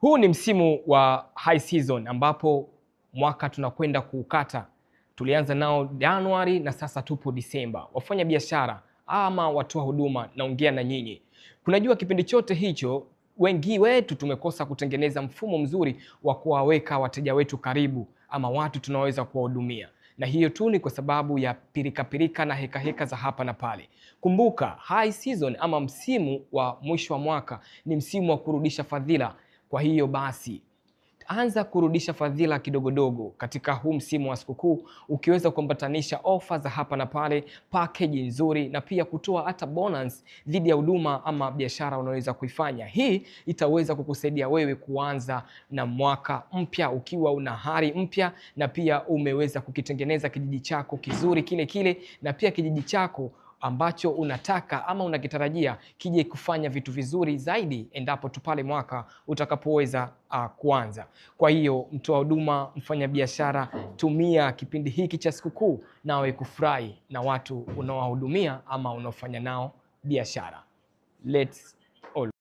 Huu ni msimu wa high season ambapo mwaka tunakwenda kuukata. Tulianza nao Januari na sasa tupo Disemba. Wafanya biashara ama watoa huduma, naongea na nyinyi. Kunajua kipindi chote hicho wengi wetu tumekosa kutengeneza mfumo mzuri wa kuwaweka wateja wetu karibu, ama watu tunaweza kuwahudumia, na hiyo tu ni kwa sababu ya pirikapirika pirika na hekaheka heka za hapa na pale. Kumbuka high season ama msimu wa mwisho wa mwaka ni msimu wa kurudisha fadhila kwa hiyo basi anza kurudisha fadhila kidogodogo katika huu msimu wa sikukuu, ukiweza kuambatanisha ofa za hapa na pale, package nzuri, na pia kutoa hata bonus dhidi ya huduma ama biashara unaweza kuifanya. Hii itaweza kukusaidia wewe kuanza na mwaka mpya ukiwa una hari mpya, na pia umeweza kukitengeneza kijiji chako kizuri kile kile, na pia kijiji chako ambacho unataka ama unakitarajia kije kufanya vitu vizuri zaidi endapo tu pale mwaka utakapoweza uh, kuanza. Kwa hiyo mtoa huduma, mfanyabiashara, tumia kipindi hiki cha sikukuu nawe kufurahi na watu unaowahudumia ama unaofanya nao biashara. Let's